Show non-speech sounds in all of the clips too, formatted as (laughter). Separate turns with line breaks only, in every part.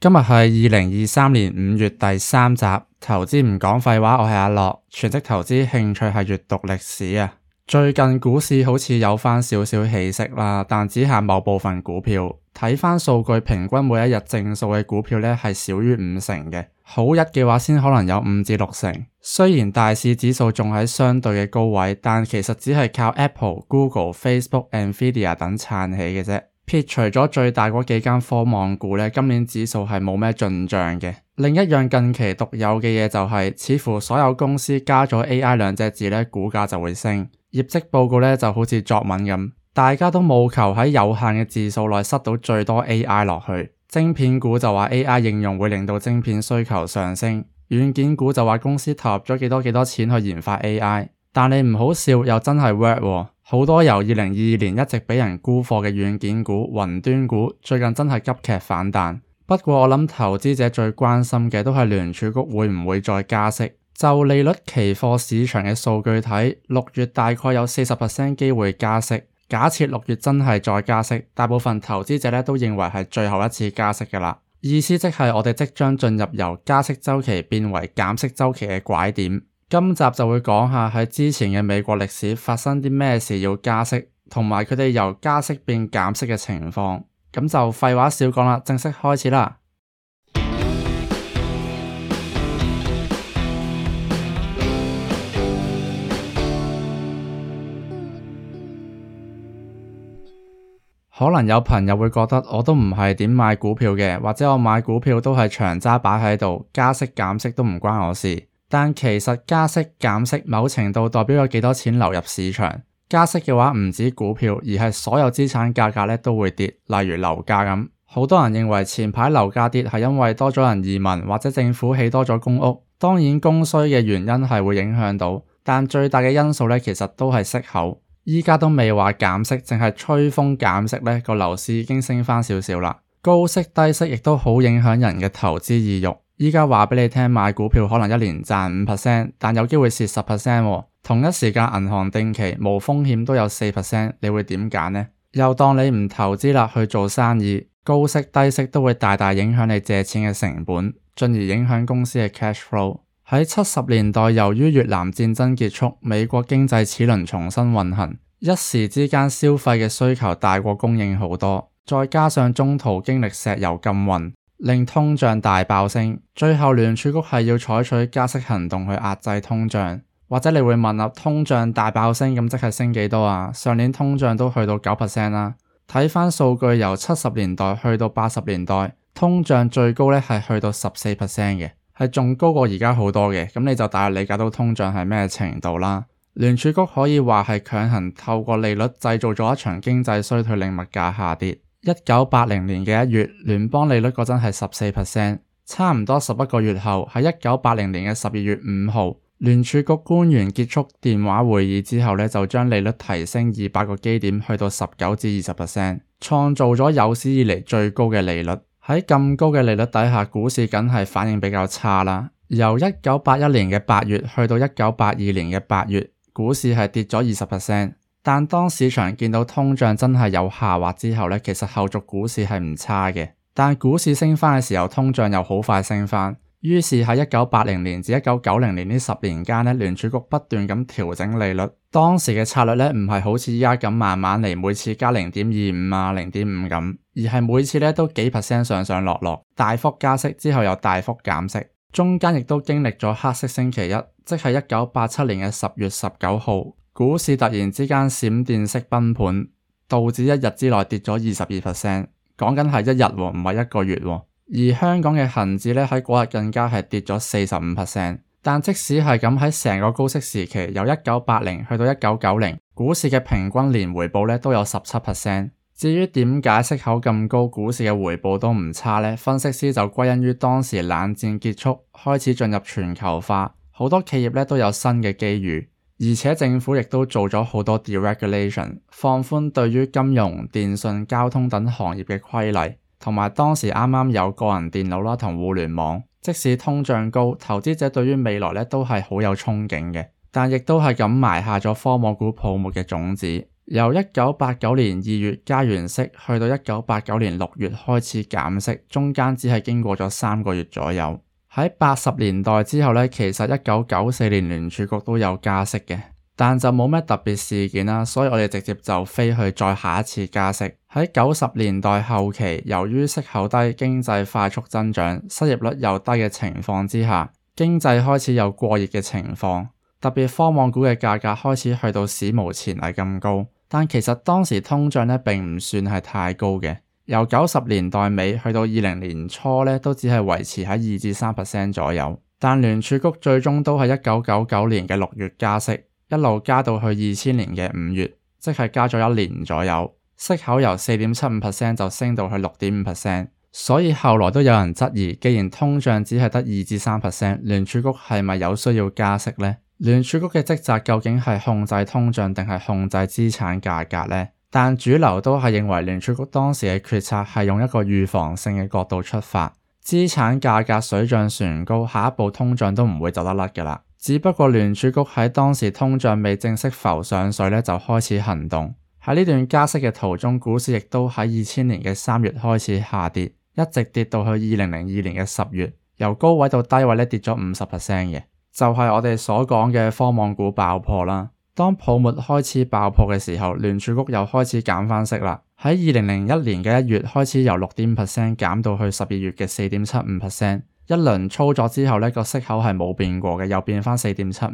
今日係二零二三年五月第三集，投資唔講廢話，我係阿樂，全職投資，興趣係閱讀歷史啊。最近股市好似有翻少少起色啦，但只限某部分股票，睇翻數據，平均每一日正數嘅股票咧係少於五成嘅，好日嘅話先可能有五至六成。雖然大市指數仲喺相對嘅高位，但其實只係靠 Apple、Google、Facebook、Nvidia 等撐起嘅啫。撇除咗最大嗰幾間科網股，今年指數係冇咩進賬嘅。另一樣近期獨有嘅嘢就係、是，似乎所有公司加咗 AI 兩隻字呢，股價就會升。業績報告呢就好似作文咁，大家都冇求喺有限嘅字數內塞到最多 AI 落去。晶片股就話 AI 應用會令到晶片需求上升，軟件股就話公司投入咗幾多幾多少錢去研發 AI，但你唔好笑，又真係 work 喎、啊。好多由二零二二年一直俾人沽貨嘅軟件股、雲端股，最近真係急劇反彈。不過我諗投資者最關心嘅都係聯儲局會唔會再加息。就利率期貨市場嘅數據睇，六月大概有四十 percent 機會加息。假設六月真係再加息，大部分投資者呢都認為係最後一次加息㗎喇。意思即係我哋即將進入由加息周期變為減息周期嘅拐點。今集就會講下喺之前嘅美國歷史發生啲咩事要加息，同埋佢哋由加息變減息嘅情況。咁就廢話少講啦，正式開始啦。 (music) 可能有朋友會覺得我都唔係點買股票嘅，或者我買股票都係長揸擺喺度，加息減息都唔關我事。但其實加息、減息某程度代表咗幾多錢流入市場。加息嘅話唔止股票，而係所有資產價格都會跌，例如樓價咁。好多人認為前排樓價跌係因為多咗人移民或者政府起多咗公屋。當然供需嘅原因係會影響到，但最大嘅因素咧，其實都係息口。依家都未話減息，淨係吹風減息咧，個樓市已經升翻少少啦。高息低息亦都好影響人嘅投資意欲。依家話俾你聽，買股票可能一年賺五 percent，但有機會蝕十 percent。同一時間，銀行定期無風險都有四 percent，你會點揀呢？又當你唔投資啦，去做生意，高息低息都會大大影響你借錢嘅成本，進而影響公司嘅 cash flow。喺七十年代，由於越南戰爭結束，美國經濟齒輪重新運行，一時之間消費嘅需求大過供應好多，再加上中途經歷石油禁運。令通脹大爆升，最後聯儲局係要採取加息行動去壓制通脹，或者你會問，通脹大爆升咁即係升幾多啊？上年通脹都去到九 percent 啦。睇翻數據，由七十年代去到八十年代，通脹最高咧係去到十四 percent 嘅，係仲高過而家好多嘅。咁你就大約理解到通脹係咩程度啦。聯儲局可以話係強行透過利率製造咗一場經濟衰退，令物價下跌。一九八零年嘅一月，聯邦利率嗰陣係十四 percent，差唔多十一個月後，喺一九八零年嘅十二月五號，聯儲局官員結束電話會議之後呢，就將利率提升二百個基點，去到十九至二十 percent，創造咗有史以嚟最高嘅利率。喺咁高嘅利率底下，股市梗係反應比較差啦。由一九八一年嘅八月去到一九八二年嘅八月，股市係跌咗二十 percent。但當市場見到通脹真係有下滑之後呢，其實後續股市係唔差嘅。但股市升翻嘅時候，通脹又好快升翻。於是喺一九八零年至一九九零年呢十年間呢，聯儲局不斷咁調整利率。當時嘅策略呢，唔係好似依家咁慢慢嚟，每次加零點二五啊、零點五咁，而係每次咧都幾 percent 上上落落，大幅加息之後又大幅減息，中間亦都經歷咗黑色星期一，即係一九八七年嘅十月十九號。股市突然之間閃電式崩盤，導致一日之內跌咗二十二 percent。講緊係一日喎，唔係一個月喎。而香港嘅恒指呢，喺嗰日更加係跌咗四十五 percent。但即使係咁，喺成個高息時期，由一九八零去到一九九零，股市嘅平均年回報咧都有十七 percent。至於點解息口咁高，股市嘅回報都唔差呢？分析師就歸因於當時冷戰結束，開始進入全球化，好多企業咧都有新嘅機遇。而且政府亦都做咗好多 de-regulation，放寬對於金融、電訊、交通等行業嘅規例，同埋當時啱啱有個人電腦啦同互聯網。即使通脹高，投資者對於未來呢都係好有憧憬嘅，但亦都係咁埋下咗科網股泡沫嘅種子。由一九八九年二月加完息去到一九八九年六月開始減息，中間只係經過咗三個月左右。喺八十年代之後呢，其實一九九四年聯儲局都有加息嘅，但就冇咩特別事件啦，所以我哋直接就飛去再下一次加息。喺九十年代後期，由於息口低、經濟快速增長、失業率又低嘅情況之下，經濟開始有過熱嘅情況，特別科網股嘅價格開始去到史無前例咁高，但其實當時通脹呢並唔算係太高嘅。由九十年代尾去到二零年初呢，都只係維持喺二至三 percent 左右。但聯儲局最終都係一九九九年嘅六月加息，一路加到去二千年嘅五月，即係加咗一年左右。息口由四點七五 percent 就升到去六點五 percent。所以後來都有人質疑，既然通脹只係得二至三 percent，聯儲局係咪有需要加息呢？聯儲局嘅職責究竟係控制通脹定係控制資產價格呢？但主流都係認為聯儲局當時嘅決策係用一個預防性嘅角度出發，資產價格水漲船高，下一步通脹都唔會走得甩嘅啦。只不過聯儲局喺當時通脹未正式浮上水咧，就開始行動。喺呢段加息嘅途中，股市亦都喺二千年嘅三月開始下跌，一直跌到去二零零二年嘅十月，由高位到低位咧，跌咗五十%嘅，就係我哋所講嘅科網股爆破啦。當泡沫開始爆破嘅時候，聯儲局又開始減翻息啦。喺二零零一年嘅一月開始由六點五 percent 減到去十二月嘅四點七五 percent，一輪操作之後呢個息口係冇變過嘅，又變翻四點七五，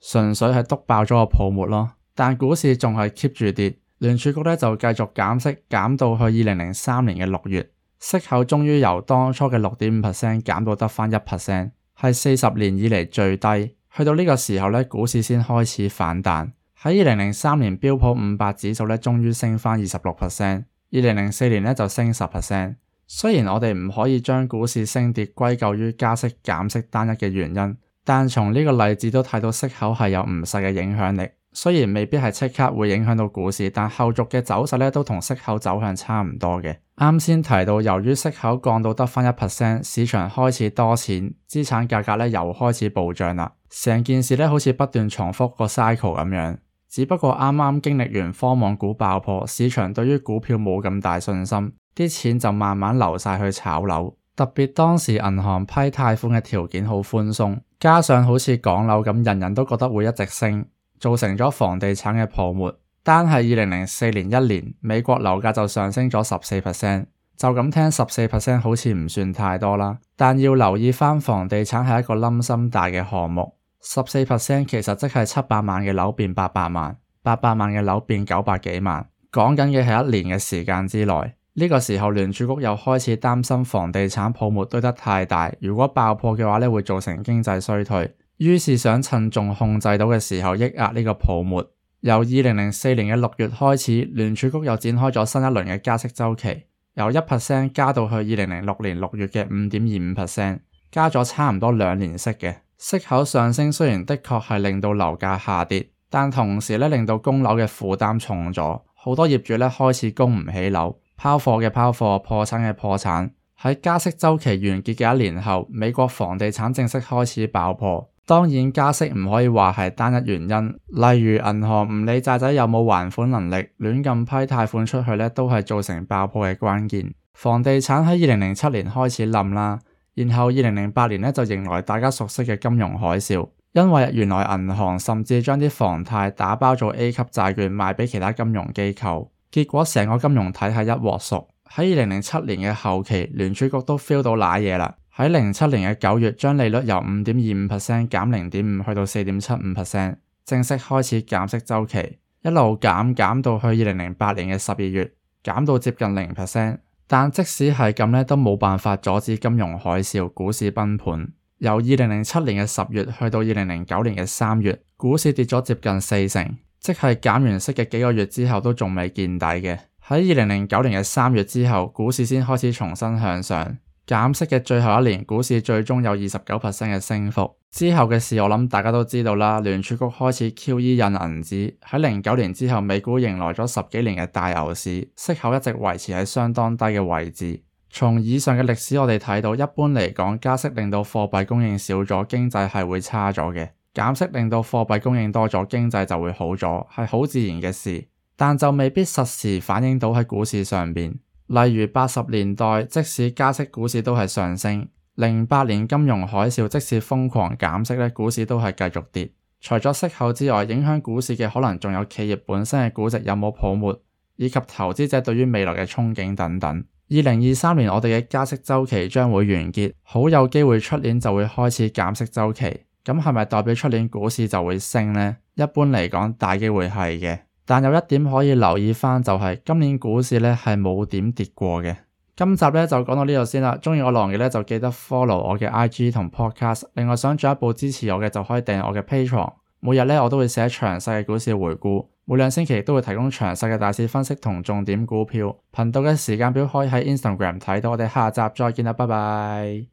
純粹係督爆咗個泡沫咯。但股市仲係 keep 住跌，聯儲局呢就繼續減息，減到去二零零三年嘅六月，息口終於由當初嘅六點五 percent 減到得翻一 percent，係四十年以嚟最低。去到呢個時候咧，股市先開始反彈。喺二零零三年，標普五百指數咧，終於升返二十六 percent。二零零四年咧，就升十 percent。雖然我哋唔可以將股市升跌歸咎於加息減息單一嘅原因，但從呢個例子都睇到息口係有唔細嘅影響力。雖然未必係即刻會影響到股市，但後續嘅走勢咧都同息口走向差唔多嘅。啱先提到，由於息口降到得翻一 percent，市場開始多錢，資產價格又開始暴漲啦。成件事咧好似不斷重複個 cycle 咁樣。只不過啱啱經歷完科網股爆破，市場對於股票冇咁大信心，啲錢就慢慢流曬去炒樓，特別當時銀行批貸款嘅條件好寬鬆，加上好似港樓咁，人人都覺得會一直升。造成咗房地產嘅泡沫，單係二零零四年一年，美國樓價就上升咗十四 percent。就咁聽十四 percent 好似唔算太多啦，但要留意翻房地產係一個冧心大嘅項目，十四 percent 其實即係七百萬嘅樓變八百萬，八百萬嘅樓變九百幾萬。講緊嘅係一年嘅時間之內，呢個時候聯儲局又開始擔心房地產泡沫堆得太大，如果爆破嘅話咧，會造成經濟衰退。於是想趁仲控制到嘅時候抑壓呢個泡沫。由二零零四年嘅六月開始，聯儲局又展開咗新一輪嘅加息週期，由一 percent 加到去二零零六年六月嘅五點二五 percent，加咗差唔多兩年息嘅息口上升。雖然的確係令到樓價下跌，但同時呢，令到供樓嘅負擔重咗，好多業主呢，開始供唔起樓，拋貨嘅拋貨，破產嘅破產。喺加息週期完結嘅一年後，美國房地產正式開始爆破。當然加息唔可以話係單一原因，例如銀行唔理債仔有冇還款能力，亂咁批貸款出去咧，都係造成爆破嘅關鍵。房地產喺二零零七年開始冧啦，然後二零零八年咧就迎來大家熟悉嘅金融海嘯，因為原來銀行甚至將啲房貸打包做 A 級債券賣俾其他金融機構，結果成個金融體系一鑊熟。喺二零零七年嘅後期，聯儲局都 feel 到瀨嘢啦。喺零七年嘅九月，將利率由五點二五 percent 減零點五去到四點七五 percent，正式開始減息周期，一路減減到去二零零八年嘅十二月，減到接近零 percent。但即使係咁咧，都冇辦法阻止金融海嘯、股市崩盤。由二零零七年嘅十月去到二零零九年嘅三月，股市跌咗接近四成，即係減完息嘅幾個月之後都仲未見底嘅。喺二零零九年嘅三月之後，股市先開始重新向上。減息嘅最後一年，股市最終有二十九 percent 嘅升幅。之後嘅事我諗大家都知道啦，聯儲局開始 QE 印銀紙，喺零九年之後，美股迎來咗十幾年嘅大牛市，息口一直維持喺相當低嘅位置。從以上嘅歷史我哋睇到，一般嚟講，加息令到貨幣供應少咗，經濟係會差咗嘅；減息令到貨幣供應多咗，經濟就會好咗，係好自然嘅事。但就未必實時反映到喺股市上面。例如八十年代，即使加息，股市都係上升；零八年金融海嘯，即使瘋狂減息咧，股市都係繼續跌。除咗息口之外，影響股市嘅可能仲有企業本身嘅估值有冇泡沫，以及投資者對於未來嘅憧憬等等。二零二三年我哋嘅加息周期將會完結，好有機會出年就會開始減息周期。咁，係咪代表出年股市就會升咧？一般嚟講，大機會係嘅。但有一點可以留意翻，就是，就係今年股市呢係冇點跌過嘅。今集呢就講到這裏呢度先啦。中意我狼嘅呢就記得 follow 我嘅 IG 同 Podcast。另外想進一步支持我嘅，就可以訂我嘅 Patreon。每日呢，我都會寫詳細嘅股市回顧，每兩星期都會提供詳細嘅大市分析同重點股票。頻道嘅時間表可以喺 Instagram 睇到。我哋下集再見啦，拜拜。